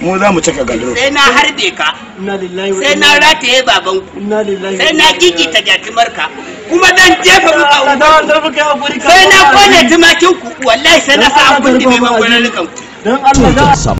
mu za mu cika galdaro sai na harbe ka sai na rataye baban ku sai na gigita jatumar ka kuma zan jefa muku sai na kone tumakin ku wallahi sai na sa abun da mai magwanarukan ku